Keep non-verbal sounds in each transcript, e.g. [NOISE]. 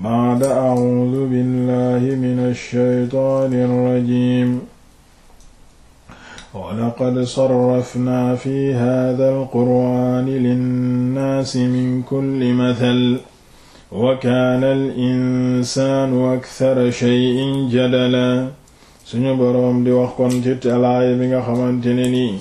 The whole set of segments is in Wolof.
baada acuudu billahi min alshaytaani alrajim walaqad sarrafnaa fi hada alqur'aani linnaasi min kulli mathal wa kaana alinsaanu akthara shay'in jadala suñu boroom di wax kon ci talaaya bi nga xamante ne nii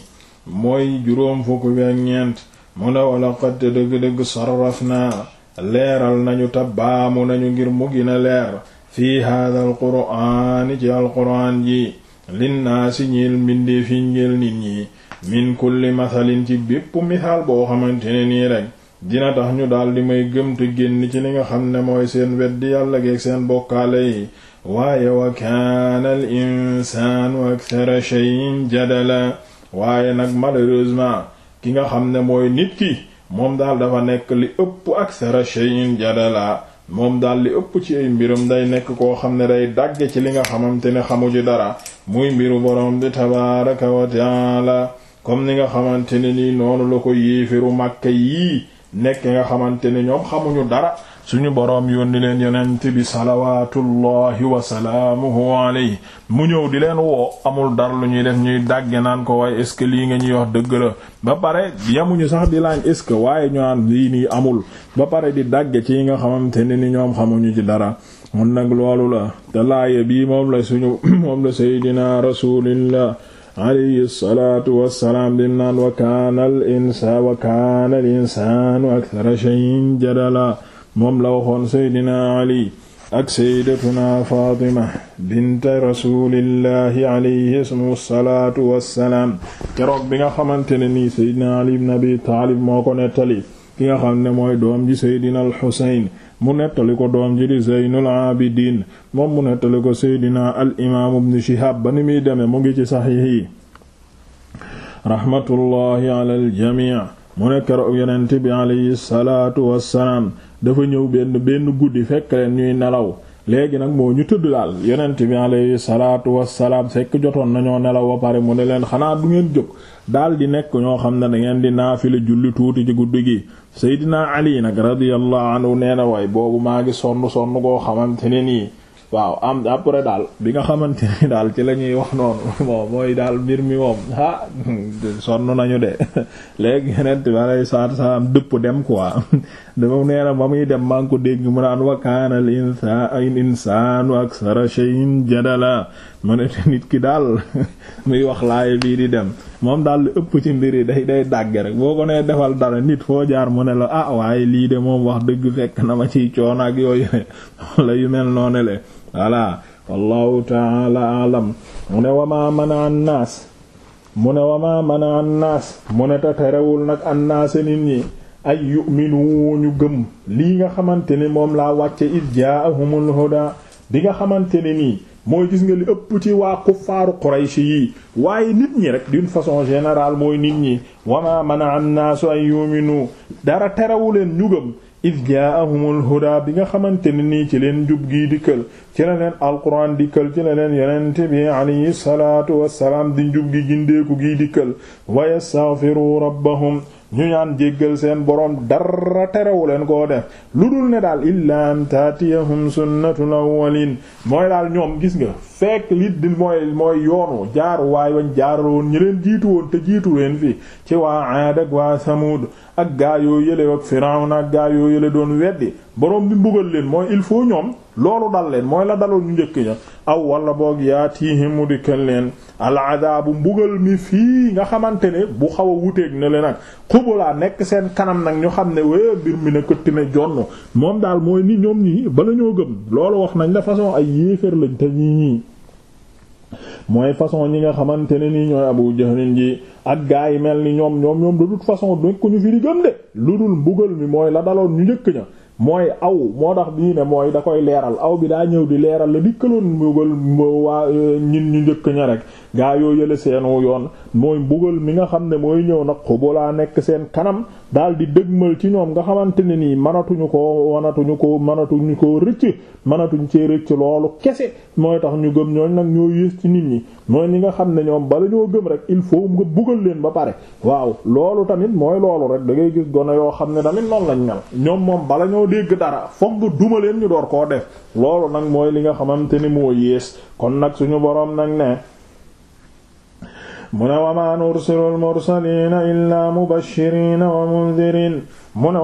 mooy juróom fukk bi ak ñeent mu ne walaqad dëgg-dëgg sarrafnaa leeral nañu te nañu ngir muggi na leer fii hada al quraani ci alquraan ji linnaasi ñiil mbindee fi ngeel nit ñi min kulli masalin ci bépp misaal boo xamante ne nii rek dina tax ñu daldi may gëm te génn ci li nga xam ne mooy seen weddi yàlla geeg seen bokkaale yi waaye wa kaana al insaanu akthara shay'in jadala waaye nag malheureusement ki nga xam ne mooy nit ki moom daal dafa nekk li ëpp aksara shay'in jadala moom daal li ëpp ci ay mbirum day nekk koo xam ne day dàgge ci li nga xamante ne xamu ci dara muy mbiru borom bi tabaraka wa taala comme ni nga xamante ne nii noonu la ko yéefiru màkka yii nekk nga xamante ne ñoom xamuñu dara suñu boroom yónni leen yonent bi salawaatullahi wa salaamuhu alayhi mu ñëw di leen woo amul dara lu ñuy def ñuy dàgge naan ko waaye est-ce que lii nga ñuy wax dëgg la ba pare ñu sax di laaj est-ce que waaye ñu naan nii amul ba pare di dàgge cii nga xamante ne ni ñoom xamuñu ci dara mun nag loolu la te laaya bii moom la suñu [COUGHS] moom la seydina rasulillah alayhi salaatu wassalaam di naan wa kaana al insaanu akthara shay'in jadala moom la waxoon seydina ali ak sayyidatuna faatima bint rasulillahi alayhi salaatu wassalaam keroog bi nga xamante ne nii seydina ali ibn abi taalib moo ko nettali ki nga xam ne mooy doom ji seydina al xusayn mu nettali ko doom ji di Zeynul Abidin moom mu nettali ko Seydina al imaam Ibn Shihab ba ni muy demee mu ngi ci saxiix yi rahmatullahi ala al jamii mu ne keroog yonent bi alayhi salaatu wassalaam dafa ñëw benn benn guddi fekk leen ñuy nelaw léegi nag moo ñu tëdd daal yonent bi alayhi salaatu wassalaam fekk jotoon nañoo nelaw ba pare mu ne leen xanaa du ngeen jóg daal di nekk ñoo xam ne da ngeen di naafila julli tuuti ci guddi gi Seydina Ali nag radiyallahu anhu nee na way boobu maa ngi sonn sonn koo xamante ne nii waaw am après daal bi nga xamante ni daal ci la ñuy wax noonu [LAUGHS] mooy daal mbir mi moom ah [LAUGHS] sonn nañu de [LAUGHS] léegi yonent bi alayhi dëpp dem quoi dafa nee ba muy dem maa dégg mu naan wa kaana al insaanu aksara shay'in jadala mu ne [LAUGHS] nit ki daal [LAUGHS] muy wax laay bii di dem moom daal lu ëpp ci mbir yi day day dàgg rek boo ko nee defal dara nit foo jaar mu ne la a ah, waaye lii de moom wax dëgg fekk na ma ciy coono ak yooyu [LAUGHS] la yu mel noonu le voilà wallahu ta'ala alam mu ne wa ma ne wa mu ne te terewul nag an nit ñi ay yu'minu ñu gëm lii nga xamante ni moom laa wàcce id jaa'ahumul huda bi nga xamante ne nii mooy gis nga li ëpp ci waa kuffaaru Quraysh yi waaye nit ñi rek d'une façon générale mooy nit ñi wama mana an ay yu'minu dara terewu leen ñu gëm id jaa'ahumul huda bi nga xamante ni nii ci leen jub gii dikkal ci la leen alquran dikkal ci la leen yonente bi alayhi salaatu wassalaam di njub gi gindeeku gii dikkal wa yastaghfiru rabbahum ñu ñaan jéggal seen boroom dara terewu leen koo def lu dul ne daal illa am taatiyahum sunnatul awwalin mooy daal ñoom gis nga fekk li di mooy mooy yoonu jaar waay wañ jaaroon ñi leen jiitu woon te jiitu leen fi ci waa Aad ak waa Samuud ak gaa yoo yële ak Firawna ak gaa yoo yële doon weddi borom bi mbugal leen mooy il faut ñoom loolu dal leen mooy la daloon ñu njëkk ña aw walla boog yaa tiihim di dikkal leen bu mbugal mi fii nga xamante ne bu xaw a wuteeg ne le nag laa nekk seen kanam nag ñu xam ne wé mbir mi ne këtti ne jonn moom daal mooy ni ñoom ñi bala ñoo gëm loolu wax nañ la façon ay yéeféer lañ te ñii ñii mooy façon ñi nga xamante ne nii ñooy Abu Jahlin ji ak gaa yi mel ni ñoom ñoom ñoom de toute façon nekkuñu fi di gëm de lu dul mbugal mi mooy la daloon ñu njëkk ña mooy aw moo tax bii ne mooy da koy leeral aw bi daa ñëw di leeral la dikkaloon mbugal waa e, ñin ñu njëkk ña rek gaa yoo yële seenu yoon mooy mbugal mi nga xam ne mooy ñëw nag xubalaa nekk seen kanam daal di dëgmal ci ñoom nga xamante ne nii mënatuñu koo mënatuñu ko mënatuñu koo rëcc mënatuñ cee rëcc loolu kese mooy tax ñu gëm ñooñ nag ñoo yées ci nit ñi mooy ñi nga xam ne ñoom bala ñoo gëm rek il faut nga bugal leen ba pare waaw loolu tamit mooy loolu rek da ngay gis gone yoo xam ne tamit noonu lañ mel ñoom moom bala ñoo dégg dara foog nga duma leen ñu door koo def loolu nag mooy li nga xamante ni moo yées kon nag suñu boroom nag ne mu ne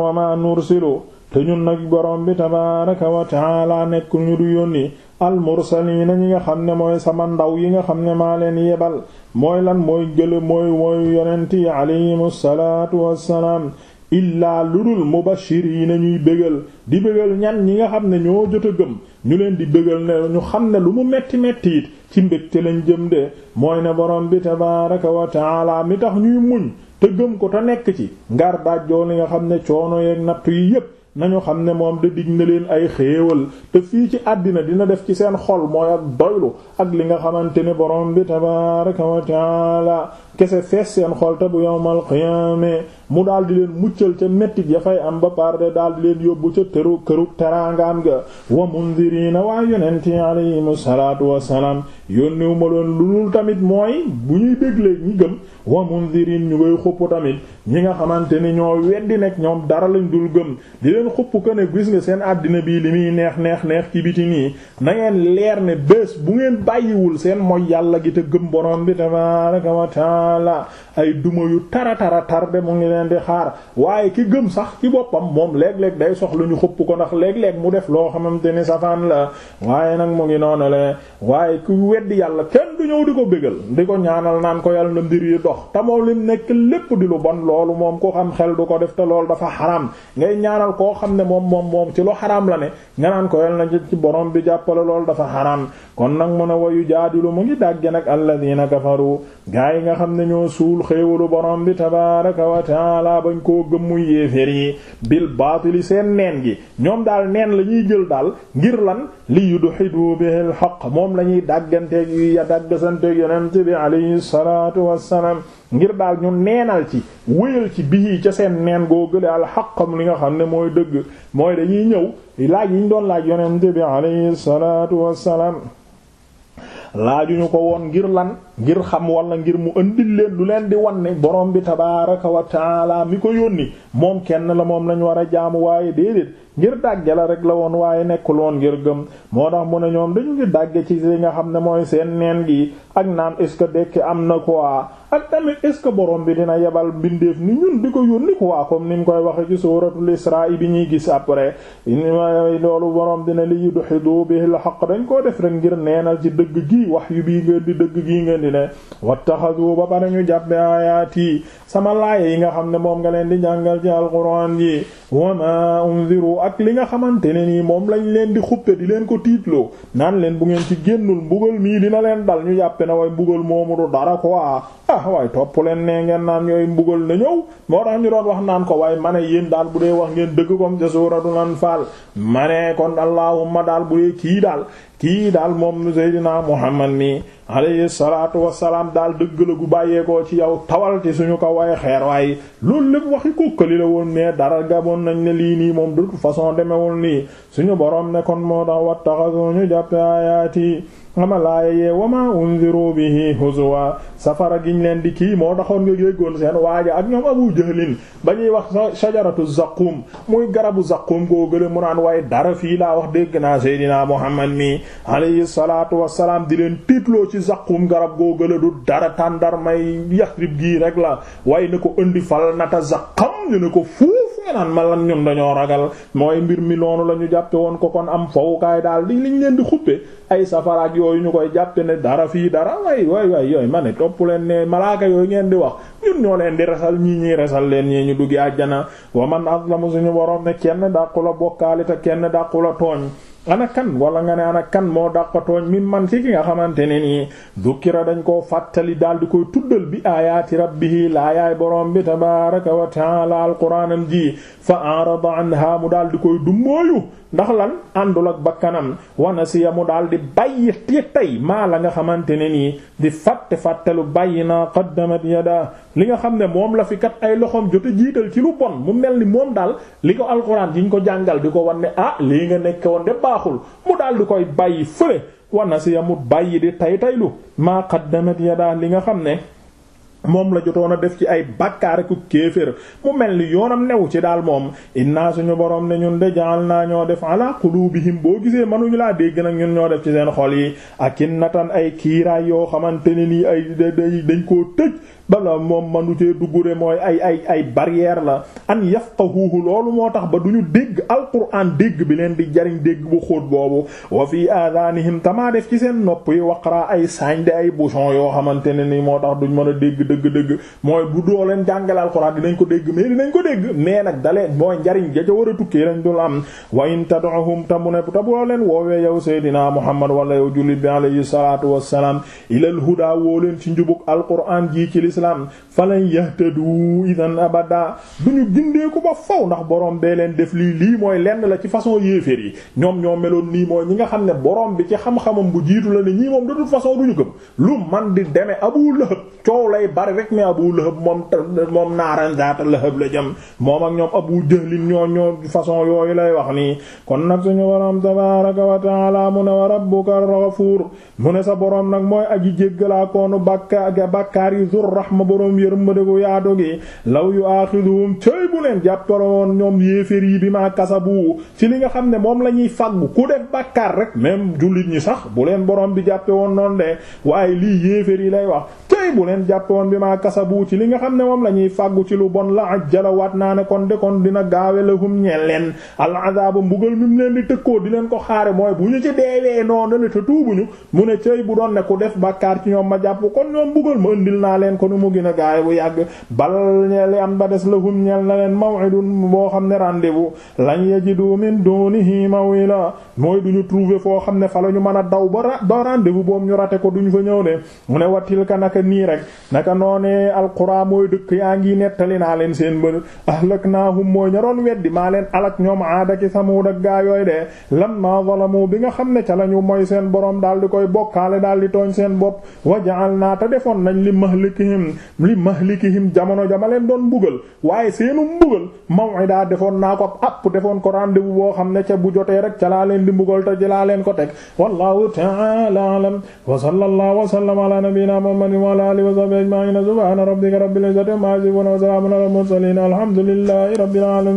wama nursilu te ñun nag boroom bi tabaraka wa taala nekk ñu du yónni almursaliina ñi nga xam ne mooy sama ndaw yi nga xam ne maa leen yebal mooy lan mooy jële mooy mooy yonent yi alayhimu salaatu wassalaam illaa ludul mubashiriina ñuy bégal di bégal ñan ñi nga xam ne ñoo jot a gëm ñu leen di bëggal ne ñu xam ne lu mu metti metti it ci mbégte lañ jëm de mooy ne borom bi tabaaraka wa taala mi tax ñuy muñ te gëm ko te nekk ci ngar dajjoo li nga xam ne coono yeeg natt yi yépp nañu xam ne moom da dig na leen ay xéewal te fii ci àddina dina def ci seen xol mooy ak doylu ak li nga xamante ne borom bi tabaaraka wa kese fees seen xol te bu yawmal qiyaama mu daal di leen muccal ca mettit ya fay am ba parde daal di leen yóbbu ca tëru kërug teraangaam ga wa mundirina waa yonent yi alayhimu salaatu wassalaam yónniwu ma doon lulul tamit mooy bu ñuy déglee ñi gëm wa mundirin ñu ngay xupp tamit ñi nga xamante ni ñoo weddi nekk ñoom dara lañ dul gëm di leen xupp ko ne gis nga seen àddina bii li muy neex neex neex ci biti nii na ngeen leer ne bés bu ngeen bàyyiwul seen mooy yàlla gi te taala ay duma yu tara tara tar de mu ngi leen di xaar waaye ki gëm sax ki boppam moom léeg-léeg day soxla ñu xupp ko ndax léeg-léeg mu def loo xamante ni safaan la waaye nag mu ngi noonu le waaye ku weddi yàlla kenn du ñëw di ko bégal di ko ñaanal naan ko yàlla na mbir yi dox te moom lim nekk lépp di lu bon loolu moom ko xam xel du ko def te loolu dafa xaraam ngay ñaanal koo xam ne moom moom moom ci lu xaraam la ne nga naan ko yàlla na ci borom bi jàppale loolu dafa xaraam kon nag mu ne ñoo suul xéewalu borom bi tabaaraka wa taala bañ koo gëm muy yéeféer yi bil baatili seen neen gi ñoom daal neen la ñuy jël daal ngir lan li yudhidu bihil haqq moom la ñuy dàgganteeg yu ya dàggasanteeg yonent bi alayhi salaatu wassalaam ngir daal ñu neenal ci wéyal ci bihi ca seen neen goo gële al xaqam li nga xam ne mooy dëgg mooy dañuy ñëw laaj yi ñu doon laaj yonent bi alayhi salaatu wassalaam laajuñu ko woon ngir lan ngir xam wala ngir mu andil leen lu leen di wan ne borom bi tabaaraka wa taala mi ko yónni moom kenn la moom lañ war a jaamu waaye déedéet ngir dàgge la rek la woon waaye nekkul woon ngir gëm moo tax mu ne ñoom dañu ngi dàgge ci li nga xam ne mooy seen neen gi ak naam est ce que dekki am na quoi ak tamit est ce que borom bi dina yebal mbindeef ni ñun di ko yónni quoi comme ni mu koy waxe ci suuratul Israa bi ñuy gis après loolu borom dina li yudhidu bihi al-haqq dañ koo def rek ngir neenal ci dëgg gi wax yu bii ngeen di dëgg gii ngeen di ne wattaxadu ba pare ñu jàppe ayaat yi sama laaya yi nga xam ne moom nga leen di jàngal ci alquran ak li nga xamante ne nii moom lañ leen di xuppe di leen ko tiitloo naan leen bu ngeen ci génnul mbugal mii dina leen dal ñu yàppe na way mbugal moomu du dara quoi ah waaye topp leen nee ngeen naan yooyu mbugal na ñëw moo tax ñu doon wax naan ko waaye ma ne yéen daal bu dee wax ngeen dëkk comme ca suuratul anfaal ma ne kon allahumma daal bu dee kii daal kii daal moom Seydina Muhammad nii alayhi salaatu wassalaam daal dëgg la gu bàyyeekoo ci yow tawal ci suñu ko way xeer waaye loolu lépp waxi kókkali la woon mais dara gaboon nañ ne lii nii moom de façon demewul nii suñu borom ne kon moo tax wattaxasuñu jàppe ayaati ama laaya yee wama unziru bihi huzwa safara giñ leen di kii moo taxoon nga yéggoon seen waaja ak ñoom abu jahlin ba ñuy wax shajaratu zaqum muy garabu zaqum goo gële mu naan dara fii laa wax dégg naa seydinaa muhammad mi alayhi salaatu wassalaam di leen tiitloo ci zaqum garab goo gële du dara tan dar may yaxrib gii rek la way na ko indi fal nata zaqam ñu ne ko fuuf nga naan ñun dañoo ragal mooy mbir mi noonu la ñu jàppe woon ko kon am fawukaay daal di liñ leen di xuppe ay safaraak yooyu ñu koy jàppe ne dara fii dara way way way yooyu ma ne topp leen ne malaaka yooyu ngeen di wax ñun ñoo leen di resal ñii ñuy resal leen ñii ñu duggi àjjana wa man azlamu suñu waroon ne kenn dàqu la bokkaale te kenn dàqu la tooñ ana kan wala nga ne ana kan moo dàqatooñ mi man ci nga xamante ne nii dukkira dañ koo fàttali daal di koy tuddal bi aayaati rabbihi laayaay borom bi tabaraka wa taala alquraanam ji fa arada anha mu daal di koy dummóoyu ndax lan àndul ak bakkanam wanasiya mu daal di bàyyi ti tey maa la nga xamante ne nii di fàtte fàttelu bàyyi naa qaddamat yada li nga xam ne moom la fi kat ay loxoom jote jiital ci lu bon mu mel ni moom daal li ko alxuraan yi ñu ko jàngal di ko wan ne ah lii nga nekk woon de baaxul mu daal koy bàyyi fële wana si ya mu bàyyi di tay taylu maa qaddamat yadaa li nga xam ne moom la jotoon a def ci ay bàkkaar ku kéefër mu mel ni yoonam newu ci daal moom inna suñu borom ne ñun de jaal naa ñoo def ala qulubihim boo gisee mënuñu laa dégg nag ñun ñoo def ci seen xol yi akinnatan ay kiiraay yoo xamante ne nii ay dañ koo tëj bala moom manu cee duggure mooy ay ay ay barrière la an yafqahuhu loolu moo tax ba duñu dégg al alquran dégg bi leen di jariñ dégg bu xóot boobu wa fi aadaanihim tamaa def ci seen nopp yi waqra ay saañ de ay bouchon yoo ne nii moo tax duñ mën a dégg dëgg-dëgg mooy ko dégg mais dinañ ko dégg mais nag dalee mooy njariñ ja ca a tukkee lañ dul am wa in tad'uhum tamu ne ta boo leen woowee yow seydinaa muhammad wala yow jullit bi alayhi salaatu wassalaam ilal huda woo leen ci njubug alxuraan ji ci lislaam falan yahtadu idan abada ba faw ndax borom bee leen def lii lii mooy lenn la ci façon yéeféer yi ñoom ñoo meloon nii mooy ñi nga xam ne borom bi ci xam-xamam bu jiitu la ne ñii moom de toute façon duñu gëm lu man di deme abu lahab coow lay bari rek mais Abu Lahab moom moom naaran zaata lahab la jëm moom ak ñoom Abu Jahlin ñoo ñoo façon yooyu lay wax nii kon nag suñu borom tabaaraka wa ta'aala mu ne wa rabbuka al-ghafuur mu ne sa borom nag mooy aji jéggalaa koonu bàkka bàkkaar yi zur rahma borom yërmande gu yaatu gi law yu aaxiduhum cëy bu leen jàppaloon ñoom yéeféer yi bi maa kasabu ci li nga xam ne moom lañuy ñuy fàggu ku def bàkkaar rek même jullit ñi sax bu leen boroom bi jàppe woon noonu de waaye lii yi lay wax kon bi maa kasabu ci li nga xam ne moom la ñuy fàggu ci lu bon la ajjala waat naa ne kon de kon dina gaawe lahum ñeel leen al azaba mbugal mi mu leen di tëkkoo di leen ko xaare mooy bu ñu ci deewee noonu la te tuubuñu mu ne cëy bu doon ne ku def bàkkaar ci ñoom ma jàpp kon ñoom mbugal ma ëndil naa leen ko mu gën a bu yàgg bal ñeel am ba des lahum ñeel na leen maw'idun boo xam ne rendez-vous lañ yajidu min dunihi mawila mooy duñu trouver foo xam ne fa la ñu mën a daw ba rendez-vous boobu ñu rate ko duñu fa ñëw de mu noonee alquran mooy dëkk yaa ngi nettali naa leen seen mbër ahlaknaahum mooy ña doon weddi maa leen alak ñoom aadaki samuud ak gaa yooy de lamma zalamu bi nga xam ne ca lañu mooy seen borom daal di koy bokkaale daal di tooñ seen bopp wa ja'alnaa te defoon nañ li mahlikihim li mahlikihim jamono jama leen doon mbugal waaye seenu mbugal maw'ida defoon naa ko app defoon ko rendez-vous boo xam ne ca bu jotee rek ca laa leen di mbugal te ci laa leen ko teg wallahu ta'ala a'lam wa ajma'in subhana rabbika rabbil izzati amma yasifun wa salamun alal mursalin alhamdulillahi rabbil alamin